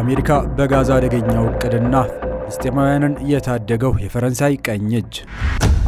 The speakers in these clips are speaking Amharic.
አሜሪካ በጋዛ አደገኛ እቅድና ፍልስጤማውያንን የታደገው የፈረንሳይ ቀኝ እጅ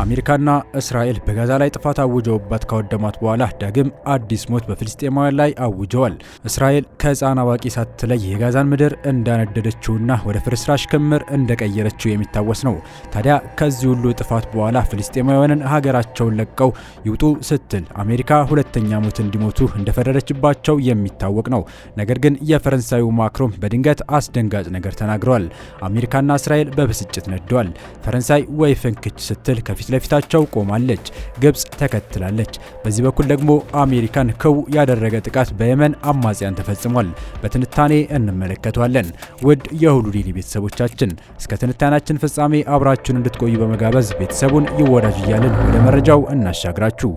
አሜሪካና እስራኤል በጋዛ ላይ ጥፋት አውጀውባት ካወደሟት በኋላ ዳግም አዲስ ሞት በፍልስጤማውያን ላይ አውጀዋል። እስራኤል ከህፃን አዋቂ ሳትለይ የጋዛን ምድር እንዳነደደችውና ወደ ፍርስራሽ ክምር እንደቀየረችው የሚታወስ ነው። ታዲያ ከዚህ ሁሉ ጥፋት በኋላ ፍልስጤማውያንን ሀገራቸውን ለቀው ይውጡ ስትል አሜሪካ ሁለተኛ ሞት እንዲሞቱ እንደፈረደችባቸው የሚታወቅ ነው። ነገር ግን የፈረንሳዩ ማክሮን በድንገት አስደንጋጭ ነገር ተናግረዋል። አሜሪካና እስራኤል በብስጭት ነደዋል። ፈረንሳይ ወይ ፍንክች ስትል ከፊት ለፊታቸው ቆማለች፣ ግብጽ ተከትላለች። በዚህ በኩል ደግሞ አሜሪካን ክው ያደረገ ጥቃት በየመን አማጽያን ተፈጽሟል። በትንታኔ እንመለከተዋለን። ውድ የሁሉ ዴይሊ ቤተሰቦቻችን እስከ ትንታኔያችን ፍጻሜ አብራችሁን እንድትቆዩ በመጋበዝ ቤተሰቡን ይወዳጅ እያልን ወደ መረጃው እናሻግራችሁ።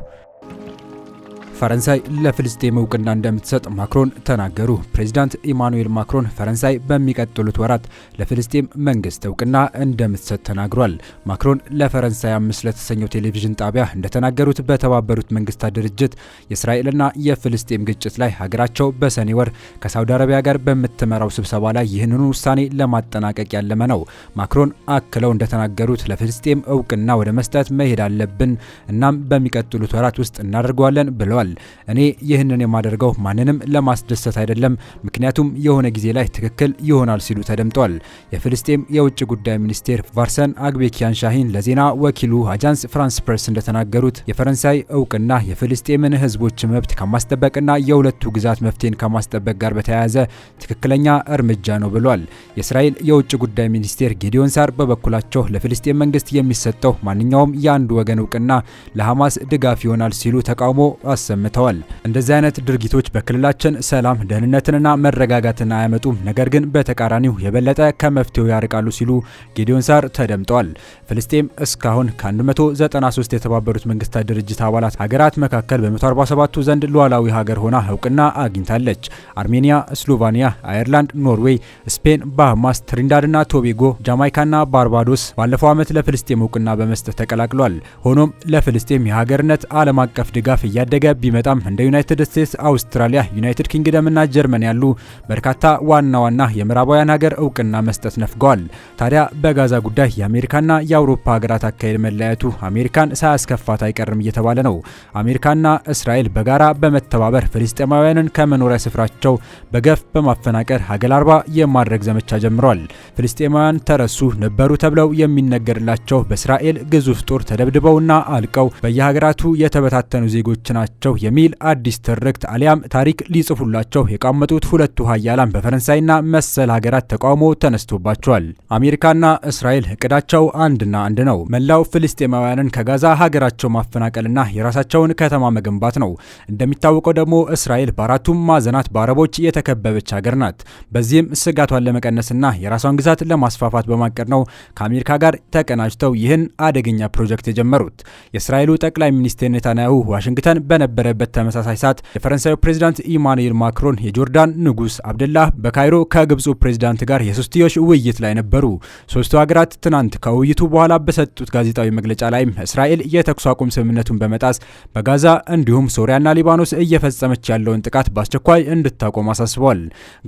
ፈረንሳይ ለፍልስጤም እውቅና እንደምትሰጥ ማክሮን ተናገሩ። ፕሬዚዳንት ኢማኑኤል ማክሮን ፈረንሳይ በሚቀጥሉት ወራት ለፍልስጤም መንግስት እውቅና እንደምትሰጥ ተናግሯል። ማክሮን ለፈረንሳይ አምስት ለተሰኘው ቴሌቪዥን ጣቢያ እንደተናገሩት በተባበሩት መንግስታት ድርጅት የእስራኤልና የፍልስጤም ግጭት ላይ ሀገራቸው በሰኔ ወር ከሳውዲ አረቢያ ጋር በምትመራው ስብሰባ ላይ ይህንኑ ውሳኔ ለማጠናቀቅ ያለመ ነው። ማክሮን አክለው እንደተናገሩት ለፍልስጤም እውቅና ወደ መስጠት መሄድ አለብን፣ እናም በሚቀጥሉት ወራት ውስጥ እናደርገዋለን ብለዋል። ገልጿል። እኔ ይህንን የማደርገው ማንንም ለማስደሰት አይደለም፣ ምክንያቱም የሆነ ጊዜ ላይ ትክክል ይሆናል ሲሉ ተደምጧል። የፍልስጤም የውጭ ጉዳይ ሚኒስቴር ቫርሰን አግቤኪያን ሻሂን ለዜና ወኪሉ አጃንስ ፍራንስ ፕሬስ እንደተናገሩት የፈረንሳይ እውቅና የፍልስጤምን ህዝቦች መብት ከማስጠበቅና የሁለቱ ግዛት መፍትሄን ከማስጠበቅ ጋር በተያያዘ ትክክለኛ እርምጃ ነው ብሏል። የእስራኤል የውጭ ጉዳይ ሚኒስቴር ጌዲዮን ሳር በበኩላቸው ለፍልስጤም መንግስት የሚሰጠው ማንኛውም የአንድ ወገን እውቅና ለሐማስ ድጋፍ ይሆናል ሲሉ ተቃውሞ አሰ አሰምተዋል። እንደዚህ አይነት ድርጊቶች በክልላችን ሰላም ደህንነትንና መረጋጋትን አያመጡም፣ ነገር ግን በተቃራኒው የበለጠ ከመፍትሄው ያርቃሉ ሲሉ ጌዲዮን ሳር ተደምጠዋል። ፍልስጤም እስካሁን ከ193 የተባበሩት መንግስታት ድርጅት አባላት ሀገራት መካከል በ147ቱ ዘንድ ሉዓላዊ ሀገር ሆና እውቅና አግኝታለች። አርሜኒያ፣ ስሎቫኒያ፣ አየርላንድ፣ ኖርዌይ፣ ስፔን፣ ባሃማስ፣ ትሪንዳድና ቶቤጎ፣ ጃማይካና ባርባዶስ ባለፈው ዓመት ለፍልስጤም እውቅና በመስጠት ተቀላቅሏል። ሆኖም ለፍልስጤም የሀገርነት ዓለም አቀፍ ድጋፍ እያደገ ቢመጣም እንደ ዩናይትድ ስቴትስ፣ አውስትራሊያ፣ ዩናይትድ ኪንግደም እና ጀርመን ያሉ በርካታ ዋና ዋና የምዕራባውያን ሀገር እውቅና መስጠት ነፍገዋል። ታዲያ በጋዛ ጉዳይ የአሜሪካና የአውሮፓ ሀገራት አካሄድ መለያየቱ አሜሪካን ሳያስከፋት አይቀርም እየተባለ ነው። አሜሪካና እስራኤል በጋራ በመተባበር ፍልስጤማውያንን ከመኖሪያ ስፍራቸው በገፍ በማፈናቀል ሀገር አልባ የማድረግ ዘመቻ ጀምረዋል። ፍልስጤማውያን ተረሱ ነበሩ ተብለው የሚነገርላቸው በእስራኤል ግዙፍ ጦር ተደብድበውና አልቀው በየሀገራቱ የተበታተኑ ዜጎች ናቸው አለሁ የሚል አዲስ ትርክት አሊያም ታሪክ ሊጽፉላቸው የቃመጡት ሁለቱ ሀያላን በፈረንሳይና መሰል ሀገራት ተቃውሞ ተነስቶባቸዋል። አሜሪካና እስራኤል እቅዳቸው አንድና አንድ ነው። መላው ፍልስጤማውያንን ከጋዛ ሀገራቸው ማፈናቀልና የራሳቸውን ከተማ መገንባት ነው። እንደሚታወቀው ደግሞ እስራኤል በአራቱም ማዕዘናት በአረቦች የተከበበች ሀገር ናት። በዚህም ስጋቷን ለመቀነስና የራሷን ግዛት ለማስፋፋት በማቀድ ነው ከአሜሪካ ጋር ተቀናጅተው ይህን አደገኛ ፕሮጀክት የጀመሩት። የእስራኤሉ ጠቅላይ ሚኒስትር ኔታንያሁ ዋሽንግተን በነበ በነበረበት ተመሳሳይ ሰዓት የፈረንሳዩ ፕሬዚዳንት ኢማኑኤል ማክሮን፣ የጆርዳን ንጉስ አብደላህ በካይሮ ከግብፁ ፕሬዚዳንት ጋር የሶስትዮሽ ውይይት ላይ ነበሩ። ሶስቱ ሀገራት ትናንት ከውይይቱ በኋላ በሰጡት ጋዜጣዊ መግለጫ ላይም እስራኤል የተኩስ አቁም ስምምነቱን በመጣስ በጋዛ እንዲሁም ሶሪያና ሊባኖስ እየፈጸመች ያለውን ጥቃት በአስቸኳይ እንድታቆም አሳስበዋል።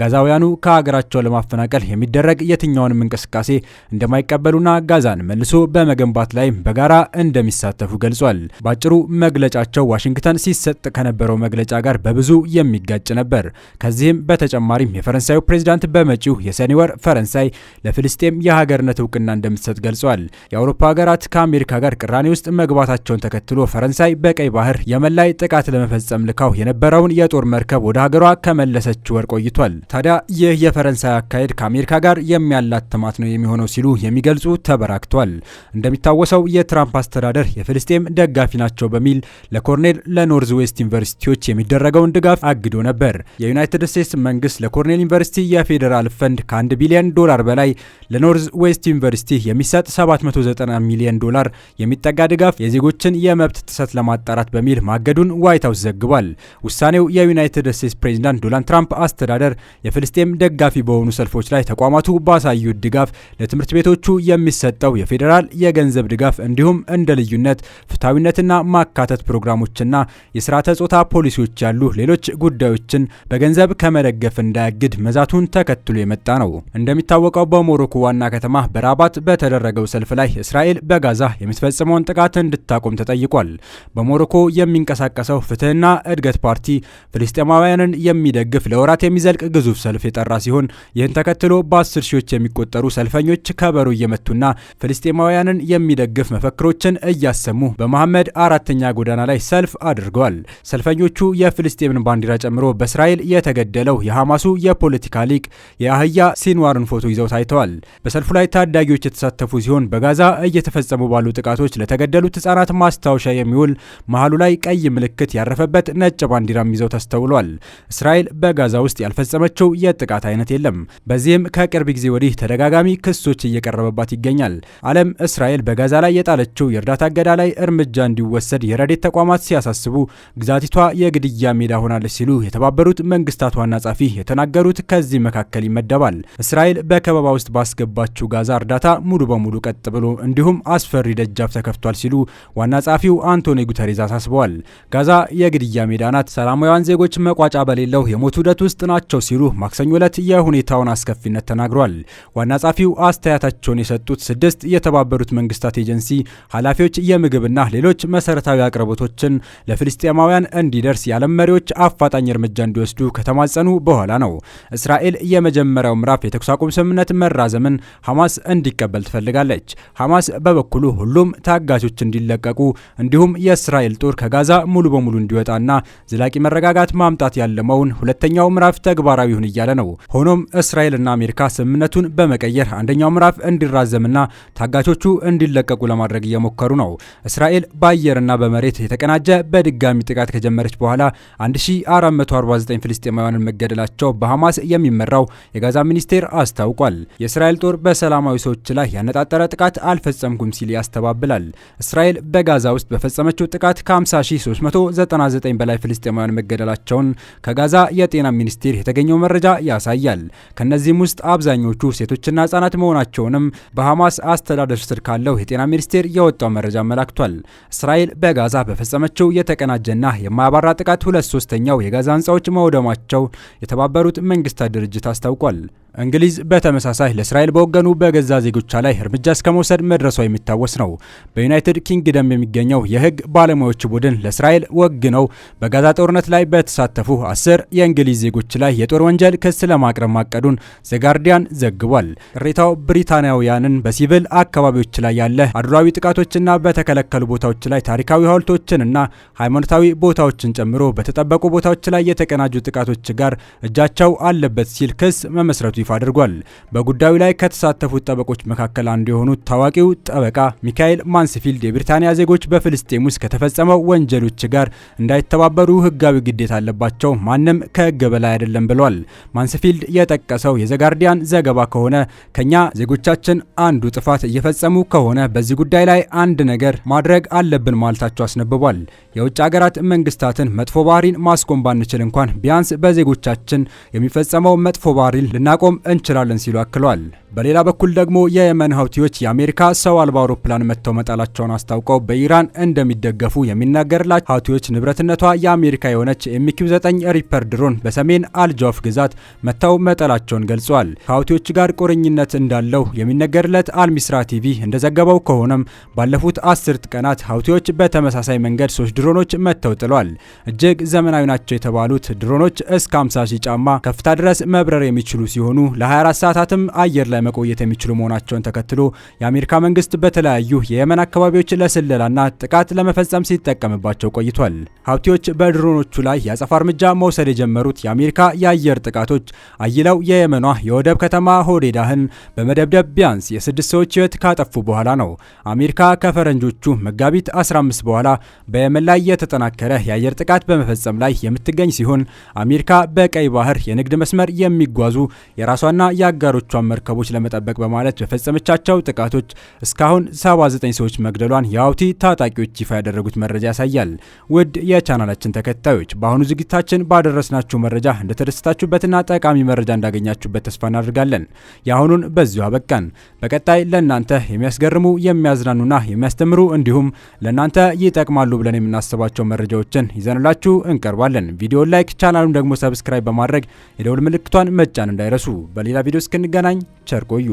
ጋዛውያኑ ከሀገራቸው ለማፈናቀል የሚደረግ የትኛውንም እንቅስቃሴ እንደማይቀበሉና ጋዛን መልሶ በመገንባት ላይ በጋራ እንደሚሳተፉ ገልጿል። በአጭሩ መግለጫቸው ዋሽንግተን ሲ ሲሰጥ ከነበረው መግለጫ ጋር በብዙ የሚጋጭ ነበር። ከዚህም በተጨማሪም የፈረንሳዩ ፕሬዚዳንት በመጪው የሰኔ ወር ፈረንሳይ ለፍልስጤም የሀገርነት እውቅና እንደምትሰጥ ገልጿል። የአውሮፓ ሀገራት ከአሜሪካ ጋር ቅራኔ ውስጥ መግባታቸውን ተከትሎ ፈረንሳይ በቀይ ባህር የመን ላይ ጥቃት ለመፈጸም ልካው የነበረውን የጦር መርከብ ወደ ሀገሯ ከመለሰች ወር ቆይቷል። ታዲያ ይህ የፈረንሳይ አካሄድ ከአሜሪካ ጋር የሚያላትማት ነው የሚሆነው ሲሉ የሚገልጹ ተበራክቷል። እንደሚታወሰው የትራምፕ አስተዳደር የፍልስጤም ደጋፊ ናቸው በሚል ለኮርኔል ለኖርዝ ዌስት ዩኒቨርሲቲዎች የሚደረገውን ድጋፍ አግዶ ነበር። የዩናይትድ ስቴትስ መንግስት ለኮርኔል ዩኒቨርሲቲ የፌዴራል ፈንድ ከ1 ቢሊዮን ዶላር በላይ ለኖርዝ ዌስት ዩኒቨርሲቲ የሚሰጥ 790 ሚሊዮን ዶላር የሚጠጋ ድጋፍ የዜጎችን የመብት ጥሰት ለማጣራት በሚል ማገዱን ዋይት ሀውስ ዘግቧል። ውሳኔው የዩናይትድ ስቴትስ ፕሬዚዳንት ዶናልድ ትራምፕ አስተዳደር የፍልስጤም ደጋፊ በሆኑ ሰልፎች ላይ ተቋማቱ ባሳዩት ድጋፍ ለትምህርት ቤቶቹ የሚሰጠው የፌዴራል የገንዘብ ድጋፍ እንዲሁም እንደ ልዩነት ፍትሐዊነትና ማካተት ፕሮግራሞችና የ የስርዓተ ጾታ ፖሊሲዎች ያሉ ሌሎች ጉዳዮችን በገንዘብ ከመደገፍ እንዳያግድ መዛቱን ተከትሎ የመጣ ነው። እንደሚታወቀው በሞሮኮ ዋና ከተማ በራባት በተደረገው ሰልፍ ላይ እስራኤል በጋዛ የምትፈጽመውን ጥቃት እንድታቆም ተጠይቋል። በሞሮኮ የሚንቀሳቀሰው ፍትህና እድገት ፓርቲ ፍልስጤማውያንን የሚደግፍ ለወራት የሚዘልቅ ግዙፍ ሰልፍ የጠራ ሲሆን ይህን ተከትሎ በአስር ሺዎች የሚቆጠሩ ሰልፈኞች ከበሮ እየመቱና ፍልስጤማውያንን የሚደግፍ መፈክሮችን እያሰሙ በመሐመድ አራተኛ ጎዳና ላይ ሰልፍ አድርገዋል። ተናግረዋል። ሰልፈኞቹ የፍልስጤምን ባንዲራ ጨምሮ በእስራኤል የተገደለው የሐማሱ የፖለቲካ ሊቅ የአህያ ሲንዋርን ፎቶ ይዘው ታይተዋል። በሰልፉ ላይ ታዳጊዎች የተሳተፉ ሲሆን በጋዛ እየተፈጸሙ ባሉ ጥቃቶች ለተገደሉት ሕጻናት ማስታወሻ የሚውል መሀሉ ላይ ቀይ ምልክት ያረፈበት ነጭ ባንዲራም ይዘው ተስተውሏል። እስራኤል በጋዛ ውስጥ ያልፈጸመችው የጥቃት አይነት የለም። በዚህም ከቅርብ ጊዜ ወዲህ ተደጋጋሚ ክሶች እየቀረበባት ይገኛል። ዓለም እስራኤል በጋዛ ላይ የጣለችው የእርዳታ እገዳ ላይ እርምጃ እንዲወሰድ የረዴት ተቋማት ሲያሳስቡ ግዛቲቷ የግድያ ሜዳ ሆናለች ሲሉ የተባበሩት መንግስታት ዋና ጸሐፊ የተናገሩት ከዚህ መካከል ይመደባል። እስራኤል በከበባ ውስጥ ባስገባችው ጋዛ እርዳታ ሙሉ በሙሉ ቀጥ ብሎ እንዲሁም አስፈሪ ደጃፍ ተከፍቷል ሲሉ ዋና ጸሐፊው አንቶኒ ጉተሬዝ አሳስበዋል። ጋዛ የግድያ ሜዳ ናት፣ ሰላማዊያን ዜጎች መቋጫ በሌለው የሞት ውደት ውስጥ ናቸው ሲሉ ማክሰኞ ዕለት የሁኔታውን አስከፊነት ተናግሯል። ዋና ጸሐፊው አስተያየታቸውን የሰጡት ስድስት የተባበሩት መንግስታት ኤጀንሲ ኃላፊዎች የምግብና ሌሎች መሰረታዊ አቅርቦቶችን ለፍልስ ፍልስጤማውያን እንዲደርስ የዓለም መሪዎች አፋጣኝ እርምጃ እንዲወስዱ ከተማጸኑ በኋላ ነው። እስራኤል የመጀመሪያው ምዕራፍ የተኩስ አቁም ስምምነት መራዘምን ሐማስ እንዲቀበል ትፈልጋለች። ሐማስ በበኩሉ ሁሉም ታጋቾች እንዲለቀቁ እንዲሁም የእስራኤል ጦር ከጋዛ ሙሉ በሙሉ እንዲወጣና ዘላቂ መረጋጋት ማምጣት ያለመውን ሁለተኛው ምዕራፍ ተግባራዊ ይሁን እያለ ነው። ሆኖም እስራኤልና አሜሪካ ስምምነቱን በመቀየር አንደኛው ምዕራፍ እንዲራዘምና ታጋቾቹ እንዲለቀቁ ለማድረግ እየሞከሩ ነው። እስራኤል በአየርና በመሬት የተቀናጀ በድጋሚ ተደጋጋሚ ጥቃት ከጀመረች በኋላ 1449 ፍልስጤማውያንን መገደላቸው በሐማስ የሚመራው የጋዛ ሚኒስቴር አስታውቋል። የእስራኤል ጦር በሰላማዊ ሰዎች ላይ ያነጣጠረ ጥቃት አልፈጸምኩም ሲል ያስተባብላል። እስራኤል በጋዛ ውስጥ በፈጸመችው ጥቃት ከ50399 በላይ ፍልስጤማውያን መገደላቸውን ከጋዛ የጤና ሚኒስቴር የተገኘው መረጃ ያሳያል። ከእነዚህም ውስጥ አብዛኞቹ ሴቶችና ህጻናት መሆናቸውንም በሐማስ አስተዳደር ስር ካለው የጤና ሚኒስቴር የወጣው መረጃ አመላክቷል። እስራኤል በጋዛ በፈጸመችው የተቀናጀ የተደራጀና የማያባራ ጥቃት ሁለት ሶስተኛው የጋዛ ህንፃዎች መውደማቸውን የተባበሩት መንግስታት ድርጅት አስታውቋል። እንግሊዝ በተመሳሳይ ለእስራኤል በወገኑ በገዛ ዜጎቿ ላይ እርምጃ እስከ መውሰድ መድረሷ የሚታወስ ነው። በዩናይትድ ኪንግደም የሚገኘው የሕግ ባለሙያዎች ቡድን ለእስራኤል ወግ ነው በጋዛ ጦርነት ላይ በተሳተፉ አስር የእንግሊዝ ዜጎች ላይ የጦር ወንጀል ክስ ለማቅረብ ማቀዱን ዘጋርዲያን ዘግቧል። ቅሬታው ብሪታንያውያንን በሲቪል አካባቢዎች ላይ ያለ አድሏዊ ጥቃቶችና በተከለከሉ ቦታዎች ላይ ታሪካዊ ሐውልቶችንና ሃይማኖታዊ ቦታዎችን ጨምሮ በተጠበቁ ቦታዎች ላይ የተቀናጁ ጥቃቶች ጋር እጃቸው አለበት ሲል ክስ መመስረቱ ይፋ አድርጓል። በጉዳዩ ላይ ከተሳተፉት ጠበቆች መካከል አንዱ የሆኑት ታዋቂው ጠበቃ ሚካኤል ማንስፊልድ የብሪታንያ ዜጎች በፍልስጤም ውስጥ ከተፈጸመው ወንጀሎች ጋር እንዳይተባበሩ ህጋዊ ግዴታ አለባቸው፣ ማንም ከህግ በላይ አይደለም ብሏል። ማንስፊልድ የጠቀሰው የዘጋርዲያን ዘገባ ከሆነ ከኛ ዜጎቻችን አንዱ ጥፋት እየፈጸሙ ከሆነ በዚህ ጉዳይ ላይ አንድ ነገር ማድረግ አለብን ማለታቸው አስነብቧል። የውጭ ሀገራት መንግስታትን መጥፎ ባህሪን ማስቆም ባንችል እንኳን ቢያንስ በዜጎቻችን የሚፈጸመው መጥፎ ባህሪን ልናቆም መቃወም እንችላለን ሲሉ አክለዋል። በሌላ በኩል ደግሞ የየመን ሀውቲዎች የአሜሪካ ሰው አልባ አውሮፕላን መጥተው መጣላቸውን አስታውቀው በኢራን እንደሚደገፉ የሚናገርላቸው ሀውቲዎች ንብረትነቷ የአሜሪካ የሆነች ኤምኪው 9 ሪፐር ድሮን በሰሜን አልጃፍ ግዛት መጥተው መጠላቸውን ገልጿል። ከሀውቲዎች ጋር ቁርኝነት እንዳለው የሚነገርለት አልሚስራ ቲቪ እንደዘገበው ከሆነም ባለፉት አስርት ቀናት ሀውቲዎች በተመሳሳይ መንገድ ሶስት ድሮኖች መጥተው ጥሏል። እጅግ ዘመናዊ ናቸው የተባሉት ድሮኖች እስከ 50 ሺህ ጫማ ከፍታ ድረስ መብረር የሚችሉ ሲሆኑ ለ24 ሰዓታትም አየር ላይ መቆየት የሚችሉ መሆናቸውን ተከትሎ የአሜሪካ መንግስት በተለያዩ የየመን አካባቢዎች ለስለላና ጥቃት ለመፈጸም ሲጠቀምባቸው ቆይቷል። ሀብቲዎች በድሮኖቹ ላይ የአጸፋ እርምጃ መውሰድ የጀመሩት የአሜሪካ የአየር ጥቃቶች አይለው የየመኗ የወደብ ከተማ ሆዴዳህን በመደብደብ ቢያንስ የስድስት ሰዎች ህይወት ካጠፉ በኋላ ነው። አሜሪካ ከፈረንጆቹ መጋቢት 15 በኋላ በየመን ላይ የተጠናከረ የአየር ጥቃት በመፈጸም ላይ የምትገኝ ሲሆን አሜሪካ በቀይ ባህር የንግድ መስመር የሚጓዙ የራ የራሷና የአጋሮቿን መርከቦች ለመጠበቅ በማለት በፈጸመቻቸው ጥቃቶች እስካሁን 79 ሰዎች መግደሏን የሀውቲ ታጣቂዎች ይፋ ያደረጉት መረጃ ያሳያል። ውድ የቻናላችን ተከታዮች በአሁኑ ዝግጅታችን ባደረስናችሁ መረጃ እንደተደሰታችሁበትና ጠቃሚ መረጃ እንዳገኛችሁበት ተስፋ እናደርጋለን። የአሁኑን በዚሁ አበቃን። በቀጣይ ለእናንተ የሚያስገርሙ የሚያዝናኑና የሚያስተምሩ እንዲሁም ለእናንተ ይጠቅማሉ ብለን የምናስባቸው መረጃዎችን ይዘንላችሁ እንቀርባለን። ቪዲዮ ላይክ፣ ቻናሉን ደግሞ ሰብስክራይብ በማድረግ የደውል ምልክቷን መጫን እንዳይረሱ። በሌላ ቪዲዮ እስክንገናኝ ቸር ቆዩ።